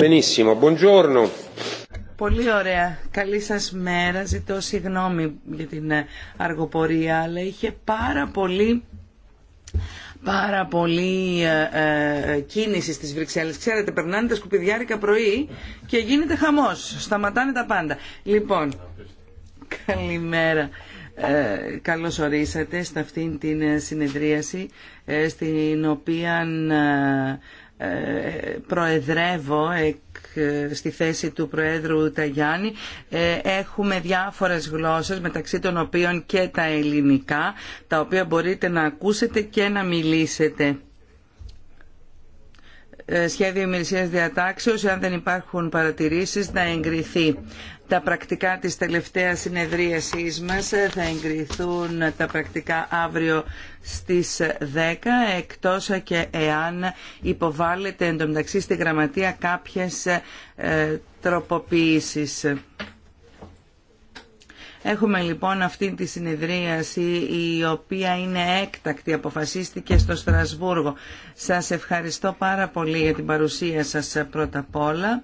Benissimo, Πολύ ωραία. Καλή σας μέρα. Ζητώ συγγνώμη για την ε, αργοπορία, αλλά είχε πάρα πολύ πάρα πολύ ε, ε, κίνηση στις Βρυξέλλες. Ξέρετε, περνάνε τα σκουπιδιάρικα πρωί και γίνεται χαμός. Σταματάνε τα πάντα. Λοιπόν, καλημέρα. Ε, καλώς ορίσατε σε αυτήν την συνεδρίαση στην οποία προεδρεύω στη θέση του Προέδρου Ταγιάννη ε, έχουμε διάφορες γλώσσες μεταξύ των οποίων και τα ελληνικά τα οποία μπορείτε να ακούσετε και να μιλήσετε ε, σχέδιο ημερησία διατάξεως, εάν δεν υπάρχουν παρατηρήσεις, να εγκριθεί. Τα πρακτικά της τελευταίας συνεδρίασής μας ε, θα εγκριθούν τα πρακτικά αύριο στις 10, εκτός και εάν υποβάλλεται εντωμεταξύ στη γραμματεία κάποιες ε, τροποποιήσεις. Έχουμε λοιπόν αυτή τη συνεδρίαση η οποία είναι έκτακτη, αποφασίστηκε στο Στρασβούργο. Σας ευχαριστώ πάρα πολύ για την παρουσία σας πρώτα απ' όλα.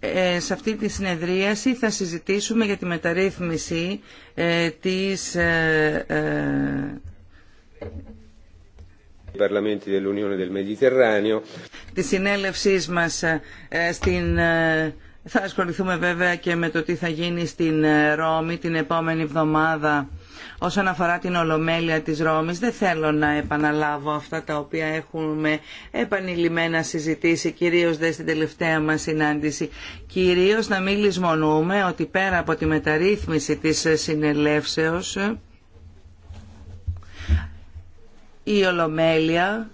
Ε, σε αυτή τη συνεδρίαση θα συζητήσουμε για τη μεταρρύθμιση ε, της ε, Τη συνέλευσή μα στην. Ε, θα ασχοληθούμε βέβαια και με το τι θα γίνει στην ε, Ρώμη την επόμενη εβδομάδα. Όσον αφορά την Ολομέλεια της Ρώμης, δεν θέλω να επαναλάβω αυτά τα οποία έχουμε επανειλημμένα συζητήσει, κυρίως δε στην τελευταία μας συνάντηση. Κυρίως να μην λησμονούμε ότι πέρα από τη μεταρρύθμιση της συνελεύσεως, η Ολομέλεια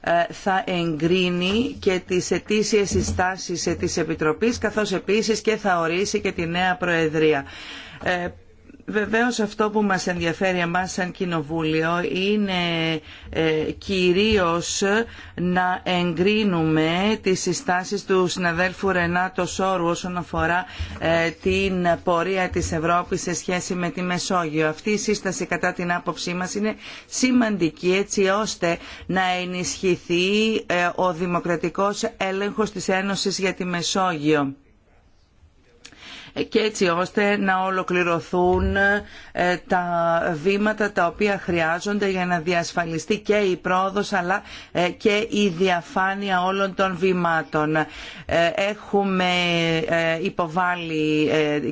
ε, θα εγκρίνει και τις ετήσιες συστάσεις της Επιτροπής καθώς επίσης και θα ορίσει και τη νέα Προεδρία ε, Βεβαίως αυτό που μας ενδιαφέρει εμάς σαν Κοινοβούλιο είναι κυρίω ε, κυρίως να εγκρίνουμε τις συστάσεις του συναδέλφου Ρενάτο Σόρου όσον αφορά ε, την πορεία της Ευρώπης σε σχέση με τη Μεσόγειο. Αυτή η σύσταση κατά την άποψή μας είναι σημαντική έτσι ώστε να ενισχυθεί ε, ο δημοκρατικός έλεγχος της Ένωσης για τη Μεσόγειο και έτσι ώστε να ολοκληρωθούν ε, τα βήματα τα οποία χρειάζονται για να διασφαλιστεί και η πρόοδος αλλά ε, και η διαφάνεια όλων των βημάτων. Ε, έχουμε υποβάλει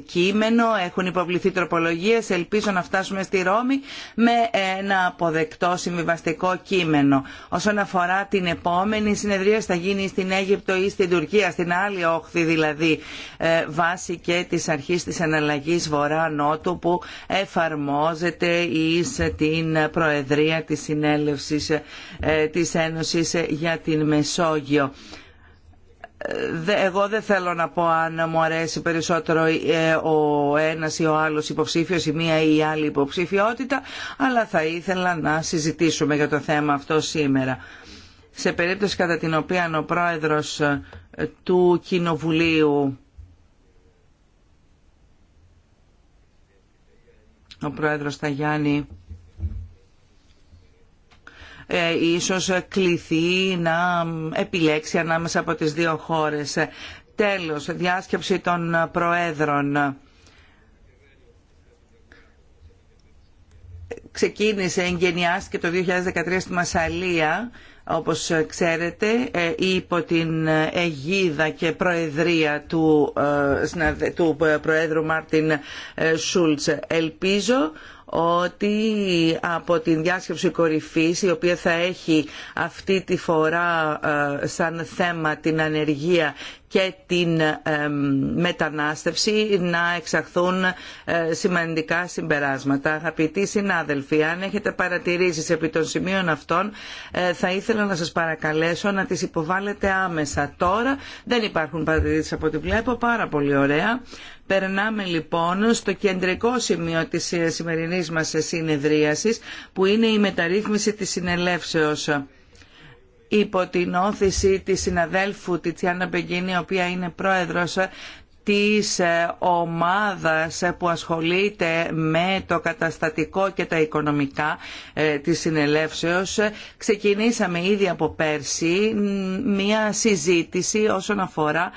κείμενο, έχουν υποβληθεί τροπολογίες, ελπίζω να φτάσουμε στη Ρώμη με ένα αποδεκτό συμβιβαστικό κείμενο. Όσον αφορά την επόμενη συνεδρία θα γίνει στην Αίγυπτο ή στην Τουρκία, στην άλλη όχθη δηλαδή, βάση και της αρχής της εναλλαγής Βορρά-Νότου που εφαρμόζεται εις την Προεδρία της Συνέλευσης ε, της Ένωσης για την Μεσόγειο εγώ δεν θέλω να πω αν μου αρέσει περισσότερο ε, ο ένας ή ο άλλος υποψήφιος ή μία ή η άλλη υποψηφιότητα αλλά θα ήθελα να συζητήσουμε για το θέμα αυτό σήμερα. Σε περίπτωση κατά την οποία ο πρόεδρος ε, του Κοινοβουλίου ο πρόεδρος Ταγιάννη ε, ίσως κληθεί να επιλέξει ανάμεσα από τις δύο χώρες. Τέλος, διάσκεψη των προέδρων. Ξεκίνησε, εγγενιάστηκε το 2013 στη Μασαλία όπως ξέρετε ε, υπό την αιγίδα και προεδρία του, ε, του ε, Προέδρου Μάρτιν Σούλτς. Ελπίζω ότι από την διάσκεψη κορυφής η οποία θα έχει αυτή τη φορά ε, σαν θέμα την ανεργία και την ε, μετανάστευση να εξαχθούν ε, σημαντικά συμπεράσματα. Αγαπητοί συνάδελφοι, αν έχετε παρατηρήσεις επί των σημείων αυτών, θα ήθελα να σας παρακαλέσω να τις υποβάλλετε άμεσα. Τώρα δεν υπάρχουν παρατηρήσεις από ό,τι βλέπω, πάρα πολύ ωραία. Περνάμε λοιπόν στο κεντρικό σημείο της ε, σημερινής μας ε, συνεδρίασης που είναι η μεταρρύθμιση της συνελεύσεως υπό την όθηση της συναδέλφου Τιτσιάνα Μπεγκίνη, η οποία είναι πρόεδρος ε, της ε, ομάδας ε, που ασχολείται με το καταστατικό και τα οικονομικά ε, της συνελεύσεως ξεκινήσαμε ήδη από πέρσι μία συζήτηση όσον αφορά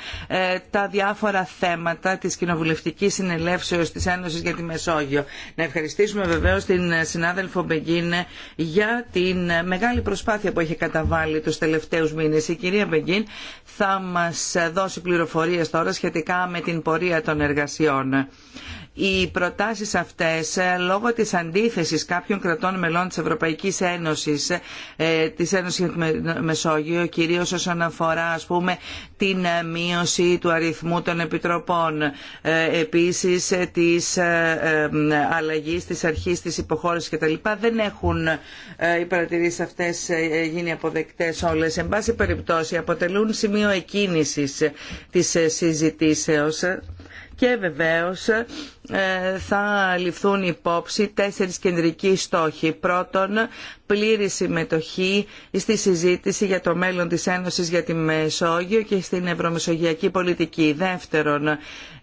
τα διάφορα θέματα της κοινοβουλευτικής συνελεύσεως της Ένωσης για τη Μεσόγειο. Να ευχαριστήσουμε βεβαίως την συνάδελφο Μπεγκίν για την μεγάλη προσπάθεια που έχει καταβάλει τους τελευταίους μήνες. Η κυρία Μπεγκίν θα μας δώσει πληροφορίες τώρα σχετικά με την πορεία των εργασιών οι προτάσεις αυτές ε, λόγω της αντίθεσης κάποιων κρατών μελών της Ευρωπαϊκής Ένωσης ε, της Ένωσης Μεσόγειο κυρίως όσον αφορά ας πούμε την ε, μείωση του αριθμού των επιτροπών επίσης της αλλαγής της αρχής της υποχώρησης κτλ. δεν έχουν οι παρατηρήσεις αυτές γίνει αποδεκτές όλες. Εν πάση περιπτώσει αποτελούν σημείο εκκίνησης της συζητήσεως και βεβαίως ε, θα ληφθούν υπόψη τέσσερις κεντρικοί στόχοι. Πρώτον, πλήρη συμμετοχή στη συζήτηση για το μέλλον της Ένωσης για τη Μεσόγειο και στην ευρωμεσογειακή πολιτική. Δεύτερον,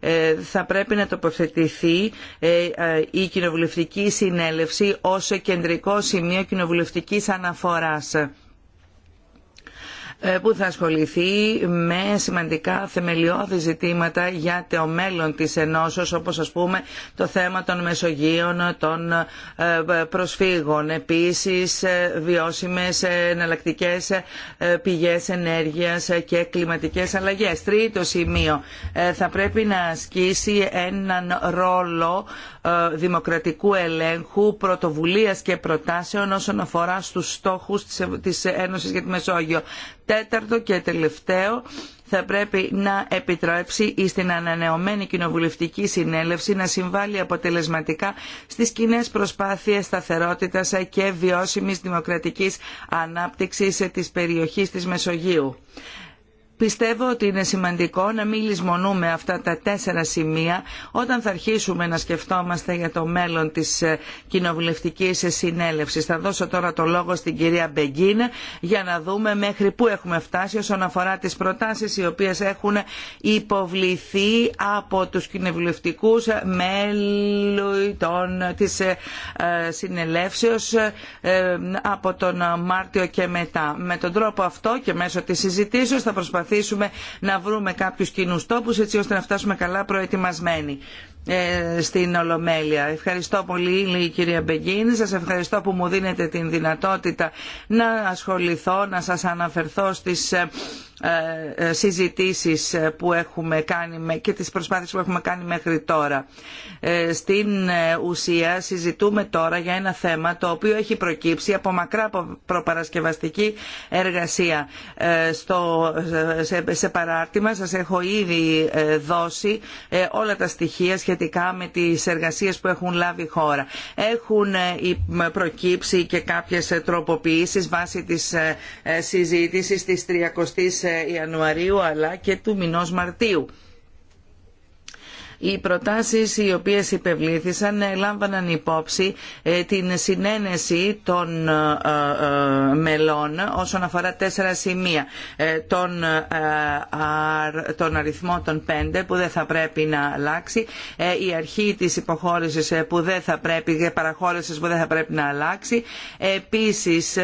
ε, θα πρέπει να τοποθετηθεί ε, η κοινοβουλευτική συνέλευση ως κεντρικό σημείο κοινοβουλευτικής αναφοράς ε, που θα ασχοληθεί με σημαντικά θεμελιώδη ζητήματα για το μέλλον της ενώσεως όπως ας πούμε το θέμα των μεσογείων, των ε, προσφύγων, επίσης ε, βιώσιμες εναλλακτικέ πηγές ενέργειας και κλιματικές αλλαγές. Τρίτο σημείο, θα πρέπει να ασκήσει έναν ρόλο δημοκρατικού ελέγχου, πρωτοβουλίας και προτάσεων όσον αφορά στους στόχους της Ένωσης για τη Μεσόγειο τέταρτο και τελευταίο θα πρέπει να επιτρέψει στην ανανεωμένη κοινοβουλευτική συνέλευση να συμβάλλει αποτελεσματικά στις κοινέ προσπάθειες σταθερότητας και βιώσιμης δημοκρατικής ανάπτυξης της περιοχής της Μεσογείου. Πιστεύω ότι είναι σημαντικό να μην λησμονούμε αυτά τα τέσσερα σημεία όταν θα αρχίσουμε να σκεφτόμαστε για το μέλλον της ε, κοινοβουλευτικής συνέλευσης. Θα δώσω τώρα το λόγο στην κυρία Μπεγκίν για να δούμε μέχρι πού έχουμε φτάσει όσον αφορά τις προτάσεις οι οποίες έχουν υποβληθεί από τους κοινοβουλευτικούς μέλου της ε, ε, συνελεύσεως από τον Μάρτιο και μετά. Με τον τρόπο αυτό και μέσω της συζητήσεως θα προσπαθήσουμε προσπαθήσουμε να βρούμε κάποιους κοινού τόπους έτσι ώστε να φτάσουμε καλά προετοιμασμένοι ε, στην Ολομέλεια. Ευχαριστώ πολύ, λέει η κυρία Μπεγκίνη. Σας ευχαριστώ που μου δίνετε την δυνατότητα να ασχοληθώ, να σας αναφερθώ στις ε, ε, ε, συζητήσεις που έχουμε κάνει και τις προσπάθειες που έχουμε κάνει μέχρι τώρα. Ε, στην ουσία συζητούμε τώρα για ένα θέμα το οποίο έχει προκύψει από μακρά προπαρασκευαστική εργασία. Στο, σε, σε παράρτημα σας έχω ήδη δώσει όλα τα στοιχεία σχετικά με τις εργασίες που έχουν λάβει χώρα. Έχουν προκύψει και κάποιες τροποποιήσεις βάσει της συζήτησης της 30 Ιανουαρίου αλλά και του μηνός Μαρτίου. Οι προτάσεις οι οποίες υπευλήθησαν λάμβαναν υπόψη ε, την συνένεση των ε, ε, μελών όσον αφορά τέσσερα σημεία. Τον αριθμό των πέντε που δεν θα πρέπει να αλλάξει, η αρχή της υποχώρησης που δεν θα πρέπει, παραχώρησης που δεν θα πρέπει να αλλάξει, επίσης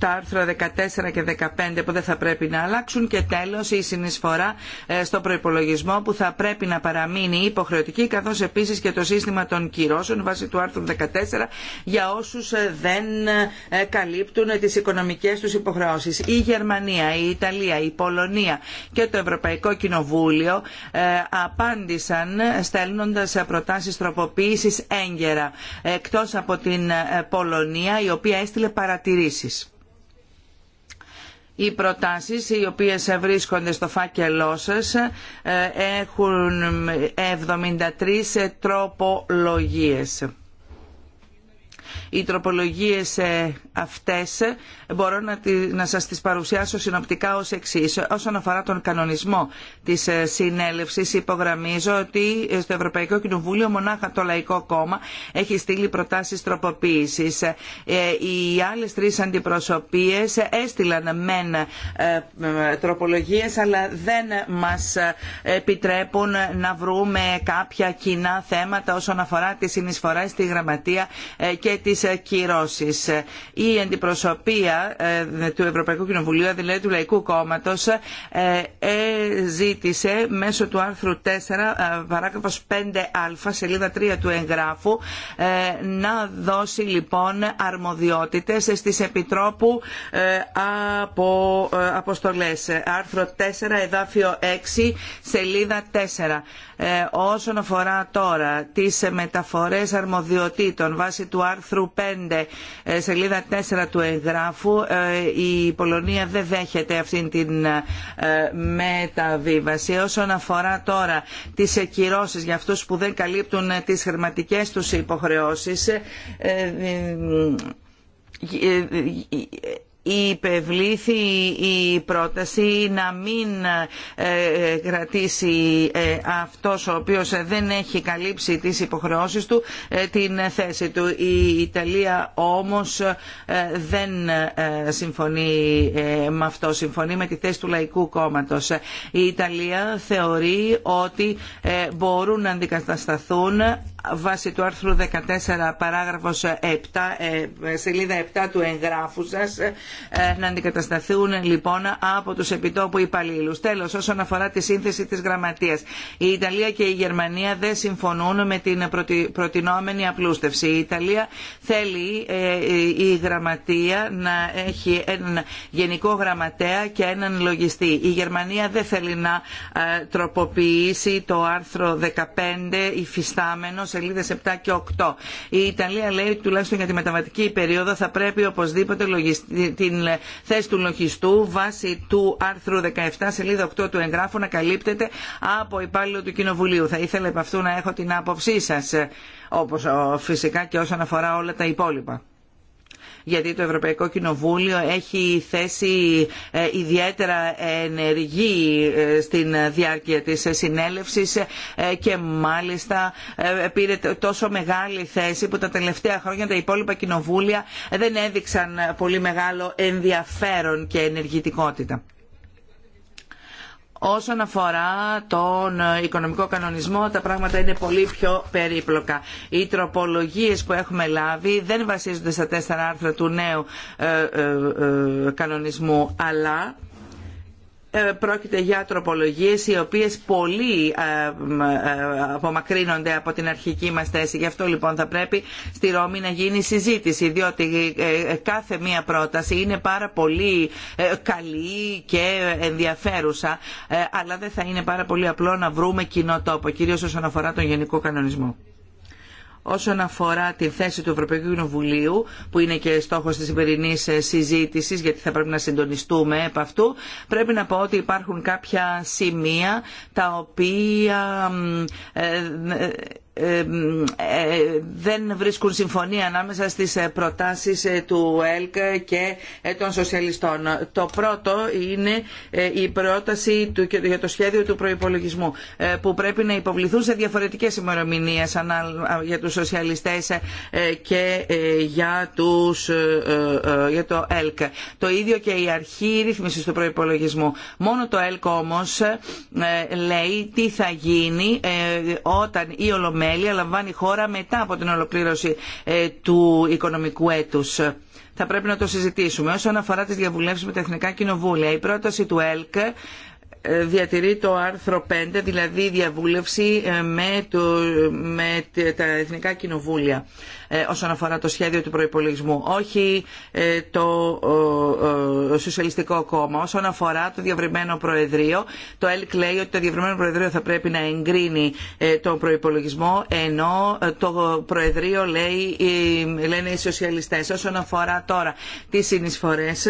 τα άρθρα 14 και 15 που δεν θα πρέπει να αλλάξουν και τέλος η συνεισφορά ε, στο προϋπολογισμό που θα πρέπει να παραμείνει υποχρεωτική καθώς επίσης και το σύστημα των κυρώσεων βάσει του άρθρου 14 για όσους ε, δεν ε, καλύπτουν τις οικονομικές τους υποχρεώσεις. Η Γερμανία, η Ιταλία, η Πολωνία και το Ευρωπαϊκό Κοινοβούλιο απάντησαν στέλνοντας προτάσεις τροποποίησης έγκαιρα εκτός από την Πολωνία η οποία έστειλε παρατηρήσεις οι προτάσεις οι οποίες βρίσκονται στο φάκελό σας ε, έχουν 73 τροπολογίες. Οι τροπολογίες ε, αυτές μπορώ να, να σας τις παρουσιάσω συνοπτικά ως εξής. Όσον αφορά τον κανονισμό της ε, συνέλευσης υπογραμμίζω ότι ε, στο Ευρωπαϊκό Κοινοβούλιο μονάχα το Λαϊκό Κόμμα έχει στείλει προτάσεις τροποποίησης. Οι άλλες τρεις αντιπροσωπείες έστειλαν μεν τροπολογίες αλλά δεν μας επιτρέπουν να βρούμε κάποια κοινά θέματα όσον αφορά τις συνεισφορές στη Γραμματεία και τις ε, κυρώσεις. Η αντιπροσωπεία ε, του Ευρωπαϊκού Κοινοβουλίου, δηλαδή του Λαϊκού Κόμματος, ε, ζήτησε μέσω του άρθρου 4, παράγραφος 5α, σελίδα 3 του εγγράφου, να δώσει λοιπόν αρμοδιότητες στις Επιτρόπου από αποστολές. Άρθρο 4, εδάφιο 6, σελίδα 4. Όσον αφορά τώρα τις μεταφορές αρμοδιοτήτων βάσει του άρθρου 5 σελίδα 4 του εγγράφου η Πολωνία δεν δέχεται αυτήν την μεταβίβαση. Όσον αφορά τώρα τις εκκυρώσεις για αυτούς που δεν καλύπτουν τις χρηματικές τους υποχρεώσεις υπευλήθη η πρόταση να μην ε, κρατήσει ε, αυτός ο οποίος δεν έχει καλύψει τις υποχρεώσεις του ε, την θέση του. Η Ιταλία όμως δεν συμφωνεί με αυτό. Συμφωνεί με τη θέση του Λαϊκού Κόμματος. Η Ιταλία θεωρεί ότι μπορούν να αντικατασταθούν βάσει του άρθρου 14 παράγραφος 7, ε, σελίδα 7 του εγγράφου σας ε, να αντικατασταθούν λοιπόν από τους επιτόπου υπαλλήλους. Τέλος, όσον αφορά τη σύνθεση της γραμματείας. Η Ιταλία και η Γερμανία δεν συμφωνούν με την προτινόμενη απλούστευση. Η Ιταλία θέλει ε, η γραμματεία να έχει έναν γενικό γραμματέα και έναν λογιστή. Η Γερμανία δεν θέλει να τροποποιήσει το άρθρο 15 υφιστάμενο σελίδες 7 και 8. Η Ιταλία λέει τουλάχιστον για τη μεταβατική περίοδο θα πρέπει οπωσδήποτε την θέση του λογιστού βάσει του άρθρου 17 σελίδα 8 του εγγράφου να καλύπτεται από υπάλληλο του Κοινοβουλίου. Θα ήθελα επ' αυτού να έχω την άποψή σας, όπως φυσικά και όσον αφορά όλα τα υπόλοιπα γιατί το Ευρωπαϊκό Κοινοβούλιο έχει θέσει ε, ιδιαίτερα ενεργή ε, στην διάρκεια της συνέλευσης ε, και μάλιστα πήρε τόσο μεγάλη θέση που τα τελευταία χρόνια τα υπόλοιπα κοινοβούλια δεν έδειξαν πολύ μεγάλο ενδιαφέρον και ενεργητικότητα. Όσον αφορά τον οικονομικό κανονισμό, τα πράγματα είναι πολύ πιο περίπλοκα. Οι τροπολογίες που έχουμε λάβει δεν βασίζονται στα τέσσερα άρθρα του νέου ε, ε, ε, κανονισμού, αλλά ε, πρόκειται για τροπολογίες οι οποίες πολύ ε, ε, απομακρύνονται από την αρχική μας θέση. Γι' αυτό λοιπόν θα πρέπει στη Ρώμη να γίνει συζήτηση, διότι κάθε μία πρόταση είναι πάρα πολύ καλή και ενδιαφέρουσα, αλλά δεν θα είναι πάρα πολύ απλό να βρούμε κοινό τόπο, κυρίως όσον αφορά τον γενικό κανονισμό όσον αφορά την θέση του Ευρωπαϊκού Κοινοβουλίου, που είναι και στόχος της σημερινή ε, συζήτησης, γιατί θα πρέπει να συντονιστούμε επ' αυτού, πρέπει να πω ότι υπάρχουν κάποια σημεία τα οποία ε, ε, ε, δεν βρίσκουν συμφωνία ανάμεσα στις ε, προτάσεις ε, του ΕΛΚ και των σοσιαλιστών. Το πρώτο είναι η πρόταση του, για το σχέδιο του προϋπολογισμού που πρέπει να υποβληθούν σε διαφορετικές ημερομηνίε για τους σοσιαλιστές και για, τους, για το ΕΛΚ. Το ίδιο και η αρχή ρύθμισης του προϋπολογισμού. Μόνο το ΕΛΚ όμως λέει τι θα γίνει όταν η Ολομέλεια μέλη λαμβάνει χώρα μετά από την ολοκλήρωση ε, του οικονομικού έτους. Θα πρέπει να το συζητήσουμε. Όσον αφορά τις διαβουλεύσεις με τα Εθνικά Κοινοβούλια, η πρόταση του ΕΛΚ ε, διατηρεί το άρθρο 5, δηλαδή διαβούλευση ε, με, το, με τα Εθνικά Κοινοβούλια. Ε, όσον αφορά το σχέδιο του προϋπολογισμού, όχι ε, το Σοσιαλιστικό Κόμμα. Όσον αφορά το διαβριμένο Προεδρείο, το ΕΛΚ λέει ότι το διαβριμένο Προεδρείο θα πρέπει να εγκρίνει ε, τον προπολογισμό ενώ το Προεδρείο λέει, λένε οι Σοσιαλιστές. Όσον αφορά τώρα τις συνεισφορές,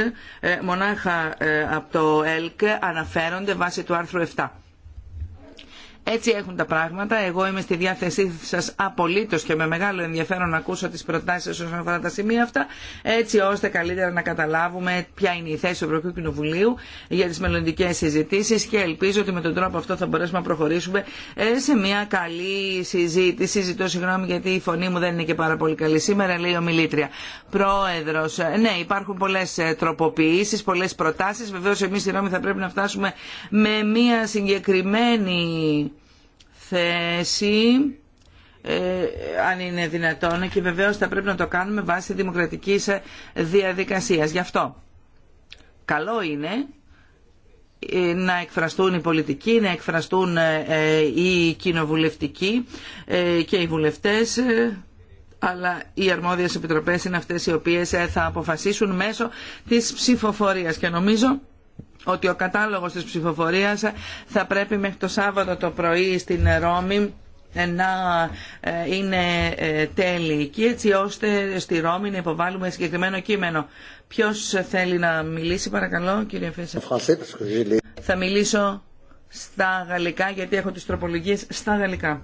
μονάχα από το ΕΛΚ αναφέρονται βάσει του άρθρου 7. Έτσι έχουν τα πράγματα. Εγώ είμαι στη διάθεσή σα απολύτω και με μεγάλο ενδιαφέρον να ακούσω τις προτάσεις όσον αφορά τα σημεία αυτά, έτσι ώστε καλύτερα να καταλάβουμε ποια είναι η θέση του Ευρωπαϊκού Κοινοβουλίου για τι μελλοντικέ συζητήσει και ελπίζω ότι με τον τρόπο αυτό θα μπορέσουμε να προχωρήσουμε ε, σε μια καλή συζήτηση. Ζητώ συγγνώμη γιατί η φωνή μου δεν είναι και πάρα πολύ καλή σήμερα, λέει ο Μιλήτρια. Πρόεδρος, ε, ναι, υπάρχουν πολλές ε, πολλέ προτάσει. Βεβαίω εμεί εμείς, συγγνώμη, θα πρέπει να φτάσουμε με μια συγκεκριμένη θέση ε, αν είναι δυνατόν και βεβαίως θα πρέπει να το κάνουμε βάσει δημοκρατικής διαδικασίας. Γι' αυτό καλό είναι ε, να εκφραστούν οι πολιτικοί, να εκφραστούν ε, οι κοινοβουλευτικοί και οι βουλευτές αλλά οι αρμόδιες επιτροπές είναι αυτές οι οποίες θα αποφασίσουν μέσω της ψηφοφορίας και νομίζω ότι ο κατάλογος της ψηφοφορίας θα πρέπει μέχρι το Σάββατο το πρωί στην Ρώμη να ε, είναι ε, τέλειοι έτσι ώστε στη Ρώμη να υποβάλουμε συγκεκριμένο κείμενο. Ποιος θέλει να μιλήσει παρακαλώ κύριε Φέσσα. Θα μιλήσω στα γαλλικά γιατί έχω τις τροπολογίες στα γαλλικά.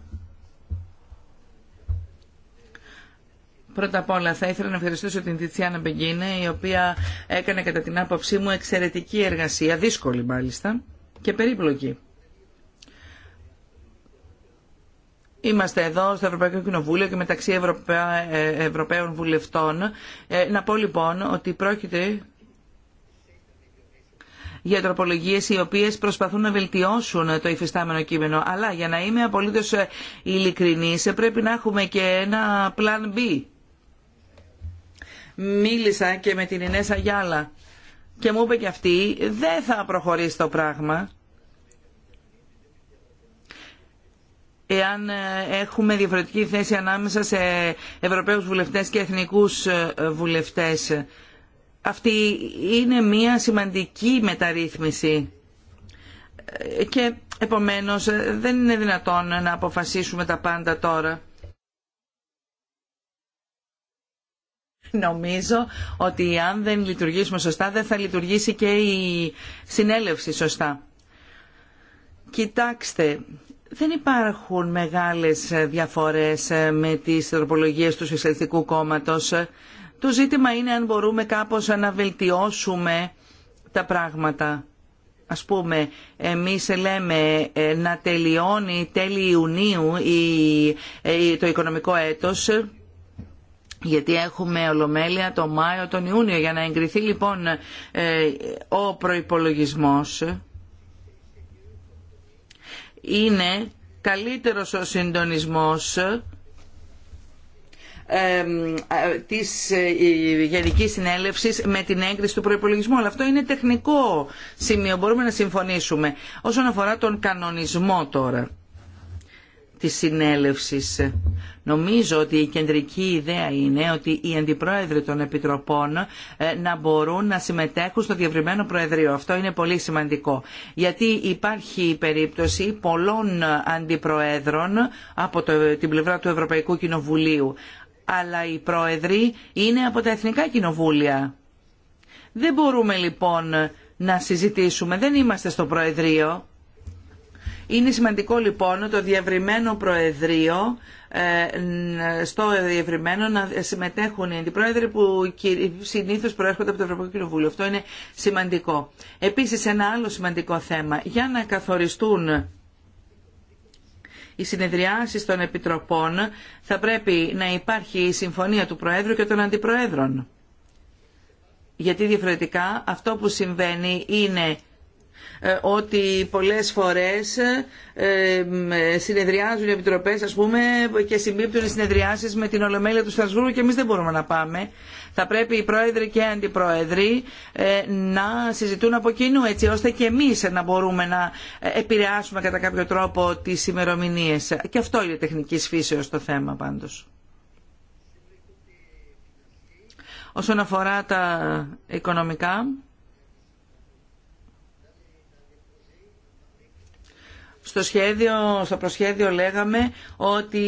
Πρώτα απ' όλα θα ήθελα να ευχαριστήσω την Τιτσιάνα Μπεγκίνε η οποία έκανε κατά την άποψή μου εξαιρετική εργασία, δύσκολη μάλιστα και περίπλοκη. Είμαστε εδώ στο Ευρωπαϊκό Κοινοβούλιο και μεταξύ Ευρωπα... Ε, Ευρωπαίων βουλευτών. Ε, να πω λοιπόν ότι πρόκειται για τροπολογίε οι οποίε προσπαθούν να βελτιώσουν το υφιστάμενο κείμενο. Αλλά για να είμαι απολύτω ε, ειλικρινή, πρέπει να έχουμε και ένα plan B μίλησα και με την Ινέσα Γιάλα και μου είπε και αυτή δεν θα προχωρήσει το πράγμα εάν ε, έχουμε διαφορετική θέση ανάμεσα σε Ευρωπαίους βουλευτές και εθνικούς ε, βουλευτές. Αυτή είναι μια σημαντική μεταρρύθμιση ε, και επομένως δεν είναι δυνατόν να αποφασίσουμε τα πάντα τώρα. Νομίζω ότι αν δεν λειτουργήσουμε σωστά δεν θα λειτουργήσει και η συνέλευση σωστά. Κοιτάξτε, δεν υπάρχουν μεγάλες διαφορές ε, με τις τροπολογίες του Σοσιαλιστικού Κόμματος. Το ζήτημα είναι αν μπορούμε κάπως να βελτιώσουμε τα πράγματα. Ας πούμε, εμείς λέμε ε, να τελειώνει τέλη Ιουνίου ε, το οικονομικό έτος γιατί έχουμε ολομέλεια το Μάιο, τον Ιούνιο. Για να εγκριθεί λοιπόν ε, ο προϋπολογισμός είναι καλύτερος ο συντονισμός ε, ε, της Γενικής Συνέλευσης με την έγκριση του προϋπολογισμού. Αλλά αυτό είναι τεχνικό σημείο, μπορούμε να συμφωνήσουμε. Όσον αφορά τον κανονισμό τώρα της συνέλευσης. Νομίζω ότι η κεντρική ιδέα είναι ότι οι αντιπρόεδροι των επιτροπών ε, να μπορούν να συμμετέχουν στο διευρυμένο προεδρείο. Αυτό είναι πολύ σημαντικό. Γιατί υπάρχει η περίπτωση πολλών αντιπροέδρων από την πλευρά του Ευρωπαϊκού Κοινοβουλίου. Αλλά οι πρόεδροι είναι από τα εθνικά κοινοβούλια. Δεν μπορούμε λοιπόν να συζητήσουμε. Δεν είμαστε στο προεδρείο είναι σημαντικό λοιπόν το διευρυμένο Προεδρείο, ε, στο διευρυμένο να συμμετέχουν οι αντιπρόεδροι που συνήθως προέρχονται από το Ευρωπαϊκό Κοινοβούλιο. Αυτό είναι σημαντικό. Επίσης ένα άλλο σημαντικό θέμα, για να καθοριστούν οι συνεδριάσεις των επιτροπών θα πρέπει να υπάρχει η συμφωνία του Προέδρου και των Αντιπροέδρων. Γιατί διαφορετικά αυτό που συμβαίνει είναι ε, ότι πολλές φορές ε, ε, συνεδριάζουν οι επιτροπές ας πούμε και συμπίπτουν οι συνεδριάσεις με την Ολομέλεια του Στρασβούργου και εμείς δεν μπορούμε να πάμε. Θα πρέπει οι πρόεδροι και οι αντιπρόεδροι να συζητούν από κοινού έτσι ώστε και εμείς να μπορούμε να επηρεάσουμε κατά κάποιο τρόπο τις ημερομηνίε. Και αυτό είναι τεχνικής φύσεως το θέμα πάντως. Όσον αφορά τα οικονομικά, Στο, σχέδιο, στο προσχέδιο λέγαμε ότι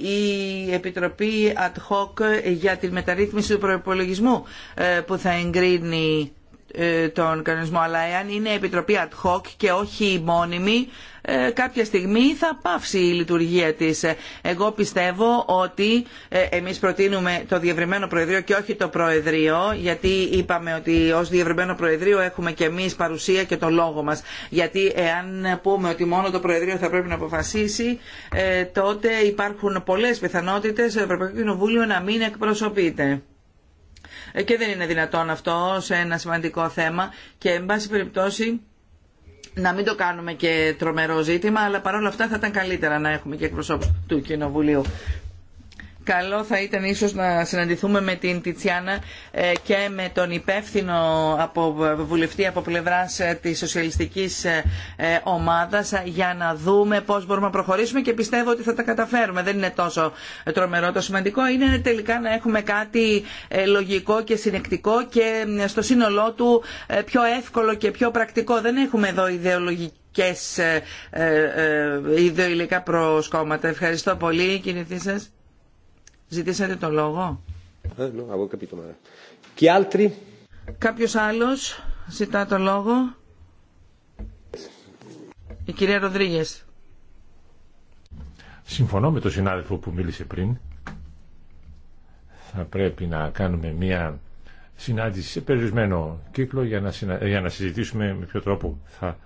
η Επιτροπή Ad Hoc για τη μεταρρύθμιση του προπολογισμού ε, που θα εγκρίνει ε, τον κανονισμό αλλά εάν είναι επιτροπή ad hoc και όχι μόνιμη ε, κάποια στιγμή θα πάυσει η λειτουργία της. Ε, εγώ πιστεύω ότι εμείς προτείνουμε το διευρυμένο προεδρείο και όχι το προεδρείο γιατί είπαμε ότι ως διευρυμένο προεδρείο έχουμε και εμείς παρουσία και το λόγο μας γιατί εάν πούμε ότι μόνο το προεδρείο θα πρέπει να αποφασίσει τότε υπάρχουν πολλές πιθανότητες το Ευρωπαϊκό Κοινοβούλιο να μην εκπροσωπείται. Ε, και δεν είναι δυνατόν αυτό σε ένα σημαντικό θέμα και εν πάση περιπτώσει να μην το κάνουμε και τρομερό ζήτημα, αλλά παρόλα αυτά θα ήταν καλύτερα να έχουμε και εκπροσώπους του Κοινοβουλίου. Καλό θα ήταν ίσως να συναντηθούμε με την Τιτσιάνα ε, και με τον υπεύθυνο από βουλευτή από πλευράς ε, της σοσιαλιστικής ε, ομάδας για να δούμε πώς μπορούμε να προχωρήσουμε και πιστεύω ότι θα τα καταφέρουμε. Δεν είναι τόσο τρομερό το σημαντικό. Είναι τελικά να έχουμε κάτι λογικό και συνεκτικό και στο σύνολό του πιο εύκολο και πιο πρακτικό. Δεν έχουμε εδώ ιδεολογική και προσκόμματα. Ευχαριστώ πολύ. κινηθή σας. Ζητήσατε το λόγο. Ε, ναι, και άλλοι. Κάποιος άλλος ζητά το λόγο. Η κυρία Ροδρίγες. Συμφωνώ με τον συνάδελφο που μίλησε πριν. Θα πρέπει να κάνουμε μία συνάντηση σε περιορισμένο κύκλο για να, συνα... για να συζητήσουμε με ποιο τρόπο θα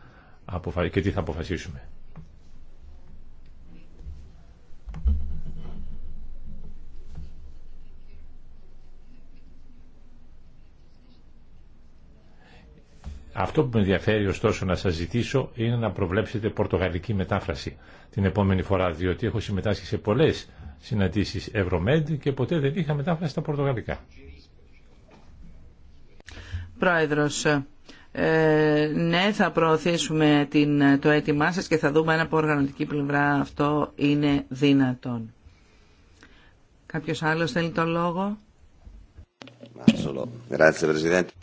αποφα... και τι θα αποφασίσουμε. Αυτό που με ενδιαφέρει ωστόσο να σας ζητήσω είναι να προβλέψετε πορτογαλική μετάφραση την επόμενη φορά, διότι έχω συμμετάσχει σε πολλές συναντήσεις Ευρωμέντ και ποτέ δεν είχα μετάφραση στα πορτογαλικά. Πρόεδρος, ε, ναι, θα προωθήσουμε το αίτημά σας και θα δούμε αν από οργανωτική πλευρά αυτό είναι δυνατόν. Κάποιος άλλος θέλει τον λόγο.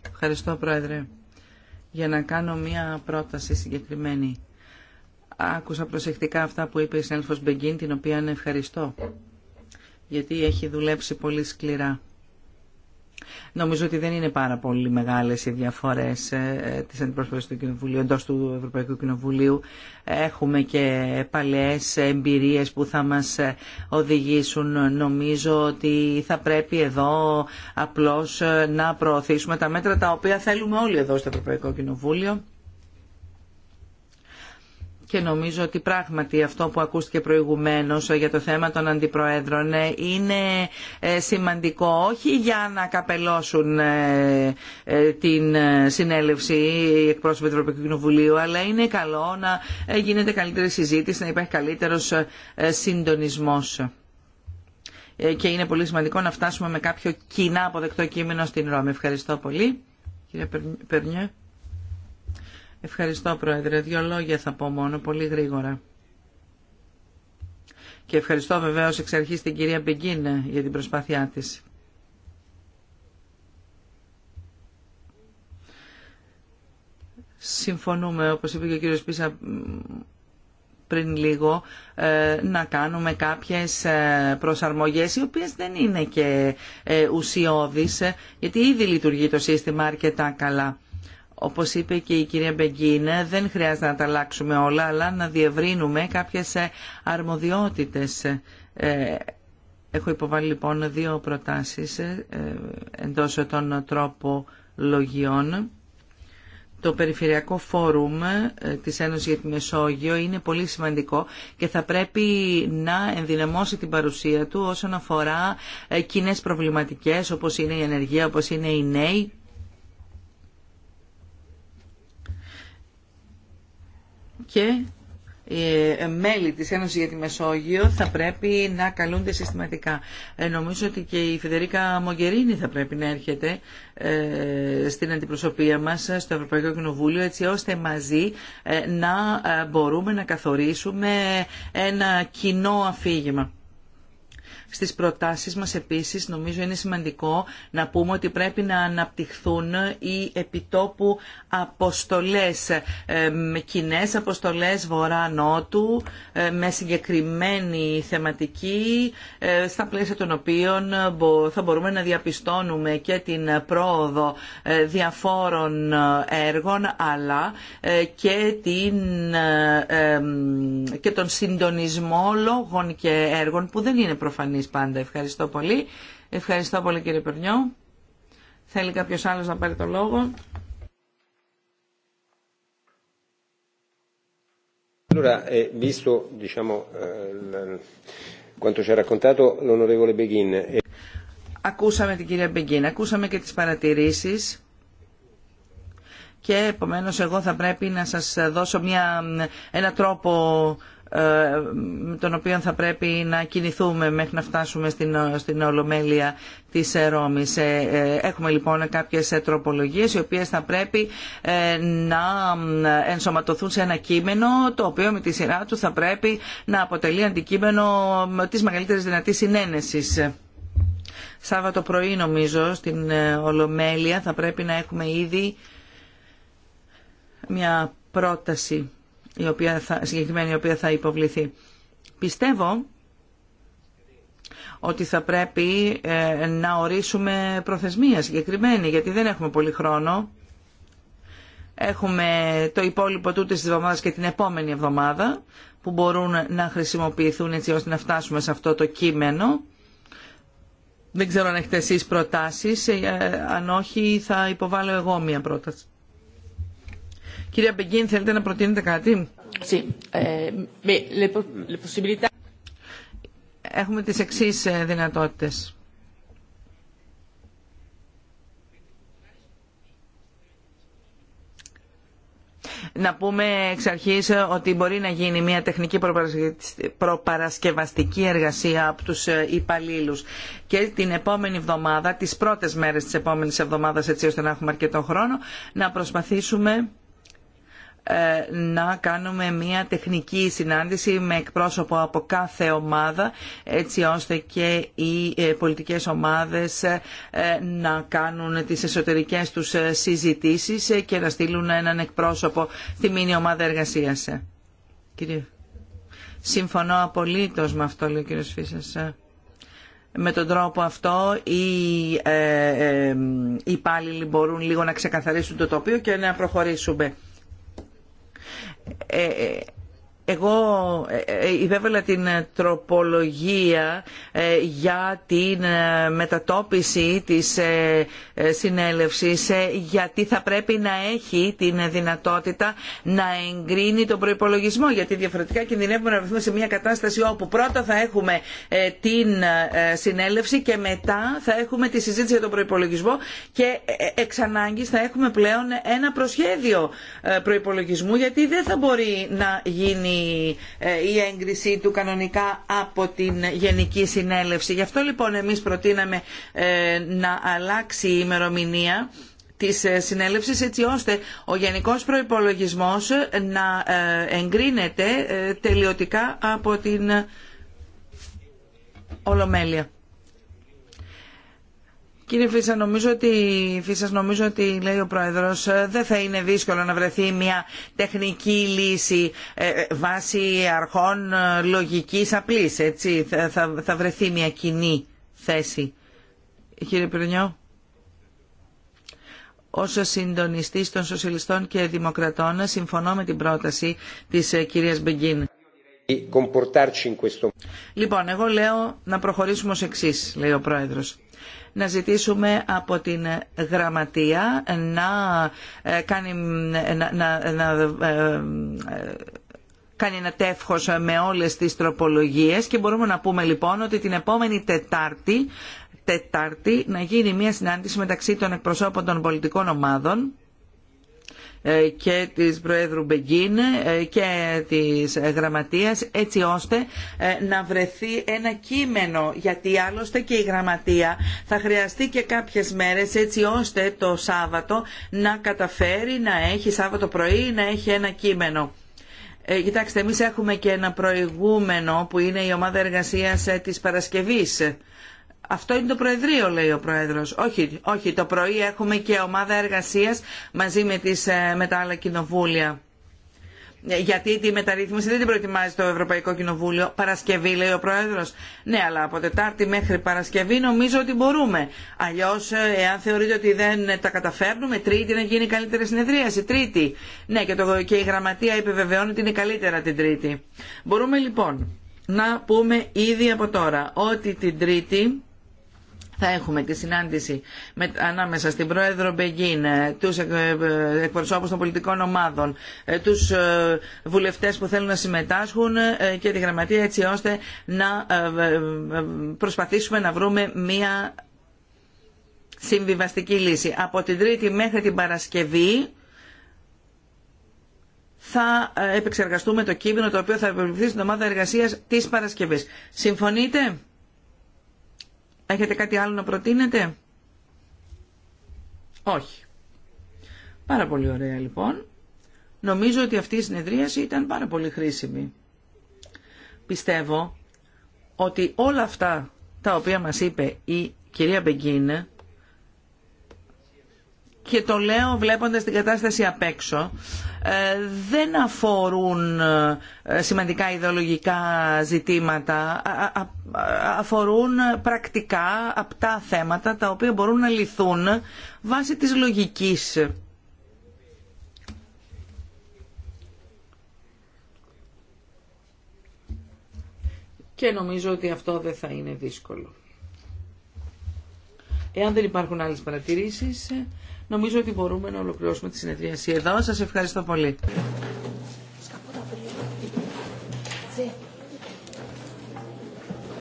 Ευχαριστώ, Πρόεδρε για να κάνω μία πρόταση συγκεκριμένη. Άκουσα προσεκτικά αυτά που είπε η Σέλφος Μπεγκίν, την οποία ευχαριστώ, γιατί έχει δουλέψει πολύ σκληρά. Νομίζω ότι δεν είναι πάρα πολύ μεγάλες οι διαφορές ε, ε, της αντιπροσωπεύσης του Κοινοβουλίου εντός του Ευρωπαϊκού Κοινοβουλίου. Έχουμε και παλαιές εμπειρίες που θα μας ε, οδηγήσουν. Νομίζω ότι θα πρέπει εδώ απλώς να προωθήσουμε τα μέτρα τα οποία θέλουμε όλοι εδώ στο Ευρωπαϊκό Κοινοβούλιο και νομίζω ότι πράγματι αυτό που ακούστηκε προηγουμένως για το θέμα των αντιπροέδρων ε, είναι ε, σημαντικό όχι για να καπελώσουν ε, την συνέλευση οι εκπρόσωποι του Ευρωπαϊκού Κοινοβουλίου αλλά είναι καλό να γίνεται καλύτερη συζήτηση, να υπάρχει καλύτερος συντονισμός και είναι πολύ σημαντικό να φτάσουμε με κάποιο κοινά αποδεκτό κείμενο στην Ρώμη. Ευχαριστώ πολύ. Κύριε Περνιέ. Ευχαριστώ, Πρόεδρε. Δύο λόγια θα πω μόνο, πολύ γρήγορα. Και ευχαριστώ βεβαίω εξ αρχή την κυρία Μπεγκίν ε, για την προσπάθειά τη. Συμφωνούμε, όπως είπε και ο κύριος Πίσα πριν λίγο, ε, να κάνουμε κάποιες ε, προσαρμογές οι οποίες δεν είναι και ουσιώδεις, γιατί ήδη λειτουργεί το σύστημα αρκετά καλά όπως είπε και η κυρία Μπεγγίνε, δεν χρειάζεται να τα αλλάξουμε όλα, αλλά να διευρύνουμε κάποιες ε, αρμοδιότητες. Ε, έχω υποβάλει λοιπόν δύο προτάσεις ε, εντός των τρόπο λογιών. Το Περιφερειακό Φόρουμ της Ένωσης για τη Μεσόγειο είναι πολύ σημαντικό και θα πρέπει να ενδυναμώσει την παρουσία του όσον αφορά κοινέ προβληματικές όπως είναι η ενεργεία, όπως είναι οι νέοι και ε, μέλη της Ένωσης για τη Μεσόγειο θα πρέπει να καλούνται συστηματικά. Ε, νομίζω ότι και η Φιδερίκα Μογκερίνη θα πρέπει να έρχεται ε, στην αντιπροσωπεία μας στο Ευρωπαϊκό Κοινοβούλιο έτσι ώστε μαζί να μπορούμε να καθορίσουμε ένα κοινό αφήγημα. Στις προτάσεις μας επίσης νομίζω είναι σημαντικό να πούμε ότι πρέπει να αναπτυχθούν οι επιτόπου αποστολές, ε, με κοινέ αποστολές βορρά-νότου, ε, με συγκεκριμένη θεματική, ε, στα πλαίσια των οποίων θα μπορούμε να διαπιστώνουμε και την πρόοδο διαφόρων έργων, αλλά και, την, και τον συντονισμό λόγων και έργων που δεν είναι προφανή πάντα. Ευχαριστώ πολύ. Ευχαριστώ πολύ κύριε Περνιό. Θέλει κάποιος άλλος να πάρει το λόγο. Ακούσαμε την κυρία Μπεγκίν, ακούσαμε και τις παρατηρήσεις και επομένως εγώ θα πρέπει να σας δώσω ένα τρόπο ε, τον οποίο θα πρέπει να κινηθούμε μέχρι να φτάσουμε στην, στην Ολομέλεια της ε, Ρώμης. Ε, έχουμε λοιπόν κάποιες τροπολογίες οι οποίες θα πρέπει να ενσωματωθούν σε ένα κείμενο το οποίο με τη σειρά του θα πρέπει να αποτελεί αντικείμενο της μεγαλύτερης δυνατής συνένεσης. Σάββατο πρωί νομίζω στην Ολομέλεια θα πρέπει να έχουμε ήδη μια πρόταση η οποία θα, συγκεκριμένη η οποία θα υποβληθεί. Πιστεύω ότι θα πρέπει ε, να ορίσουμε προθεσμία συγκεκριμένη, γιατί δεν έχουμε πολύ χρόνο. Έχουμε το υπόλοιπο τούτης της εβδομάδας και την επόμενη εβδομάδα που μπορούν να χρησιμοποιηθούν έτσι ώστε να φτάσουμε σε αυτό το κείμενο. Δεν ξέρω αν έχετε εσείς προτάσεις, ε, αν όχι θα υποβάλω εγώ μία πρόταση. Κυρία Μπεγκίν, θέλετε να προτείνετε κάτι. Eh, έχουμε τις εξής ε, δυνατότητες. να πούμε εξ αρχής ε, ότι μπορεί να γίνει μια τεχνική προπαρασκευαστική εργασία από τους ε, υπαλλήλους και την επόμενη εβδομάδα, τις πρώτες μέρες της επόμενης εβδομάδας έτσι ώστε να έχουμε αρκετό χρόνο, να προσπαθήσουμε ε, να κάνουμε μια τεχνική συνάντηση με εκπρόσωπο από κάθε ομάδα έτσι ώστε και οι ε, πολιτικές ομάδες ε, να κάνουν τις εσωτερικές τους συζητήσεις και να στείλουν έναν εκπρόσωπο στη μήνυ ομάδα εργασίας. Κύριε. Συμφωνώ απολύτως με αυτό, λέει ο κύριος Φίσας. Με τον τρόπο αυτό οι υπάλληλοι μπορούν λίγο να ξεκαθαρίσουν το τοπίο και να προχωρήσουμε ε, ε εγώ ε, ε, υπέβαλα την ε, τροπολογία για την μετατόπιση της συνέλευσης γιατί θα πρέπει να έχει την δυνατότητα να εγκρίνει τον προϋπολογισμό γιατί διαφορετικά κινδυνεύουμε να βρεθούμε σε μια κατάσταση όπου πρώτα θα έχουμε την συνέλευση και μετά θα έχουμε τη συζήτηση για τον προϋπολογισμό και εξ ανάγκης θα έχουμε πλέον ένα προσχέδιο προϋπολογισμού γιατί δεν θα μπορεί να γίνει ε, η έγκρισή του κανονικά από την Γενική Συνέλευση. Γι' αυτό λοιπόν εμείς προτείναμε ε, να αλλάξει η ημερομηνία της ε, συνέλευσης έτσι ώστε ο γενικός προϋπολογισμός να εγκρίνεται τελειωτικά από την Ολομέλεια. Κύριε Φίσα, νομίζω ότι, Φίσας, νομίζω ότι λέει ο Πρόεδρος δεν θα είναι δύσκολο να βρεθεί μια τεχνική λύση ε, ε, βάσει αρχών ε, λογικής απλής. Έτσι. Θα, θα, βρεθεί μια κοινή θέση. Κύριε Πυρνιό ως συντονιστής των Σοσιαλιστών και Δημοκρατών συμφωνώ με την πρόταση της κυρίας Μπεγκίν. Λοιπόν, εγώ λέω να προχωρήσουμε ως εξής, λέει ο Πρόεδρος. Να ζητήσουμε από την Γραμματεία να ε, κάνει, ε, να, ε, ένα τεύχος με όλες τις τροπολογίες και μπορούμε να πούμε λοιπόν ότι την επόμενη Τετάρτη, Τετάρτη να γίνει μια συνάντηση μεταξύ των εκπροσώπων των πολιτικών ομάδων ε, και της Προέδρου Μπεγκίν ε, και της ε, Γραμματείας έτσι ώστε να βρεθεί ένα κείμενο γιατί άλλωστε και η Γραμματεία θα χρειαστεί και κάποιες μέρες έτσι ώστε το Σάββατο να καταφέρει να έχει Σάββατο πρωί να έχει ένα κείμενο. κοιτάξτε, εμείς έχουμε και ένα προηγούμενο που είναι η ομάδα εργασίας της Παρασκευής αυτό είναι το Προεδρείο, λέει ο Προεδρο. Όχι, όχι, το πρωί έχουμε και ομάδα εργασία μαζί με, τις, ε, με τα άλλα κοινοβούλια. Γιατί τη μεταρρύθμιση δεν την προετοιμάζει το Ευρωπαϊκό Κοινοβούλιο. Παρασκευή, λέει ο Πρόεδρο. Ναι, αλλά από Τετάρτη μέχρι Παρασκευή νομίζω ότι μπορούμε. Αλλιώ, ε, εάν θεωρείτε ότι δεν τα καταφέρνουμε, Τρίτη να γίνει καλύτερη συνεδρίαση. Τρίτη. Ναι, και, το, και η Γραμματεία επιβεβαιώνει ότι είναι καλύτερα την Τρίτη. Μπορούμε λοιπόν να πούμε ήδη από τώρα ότι την Τρίτη θα έχουμε τη συνάντηση με, ανάμεσα στην Πρόεδρο Μπεγίν, ε, τους ε, ε, εκπροσώπους των πολιτικών ομάδων, τους βουλευτές που θέλουν να συμμετάσχουν και τη Γραμματεία έτσι ώστε να προσπαθήσουμε να βρούμε μία συμβιβαστική λύση. Από την Τρίτη μέχρι την Παρασκευή θα επεξεργαστούμε το κείμενο το οποίο θα επιβληθεί στην ομάδα εργασίας της Παρασκευής. Συμφωνείτε? Έχετε κάτι άλλο να προτείνετε? Όχι. Πάρα πολύ ωραία λοιπόν. Νομίζω ότι αυτή η συνεδρίαση ήταν πάρα πολύ χρήσιμη. Πιστεύω ότι όλα αυτά τα οποία μας είπε η κυρία Μπεγκίνε και το λέω βλέποντας την κατάσταση απ' έξω, ε, δεν αφορούν ε, σημαντικά ιδεολογικά ζητήματα, αφορούν πρακτικά απτά θέματα τα οποία μπορούν να λυθούν βάσει της λογικής. Και νομίζω ότι αυτό δεν θα είναι δύσκολο. Εάν δεν υπάρχουν άλλες παρατηρήσεις... Νομίζω ότι μπορούμε να ολοκληρώσουμε τη συνεδρίαση εδώ. Σας ευχαριστώ πολύ.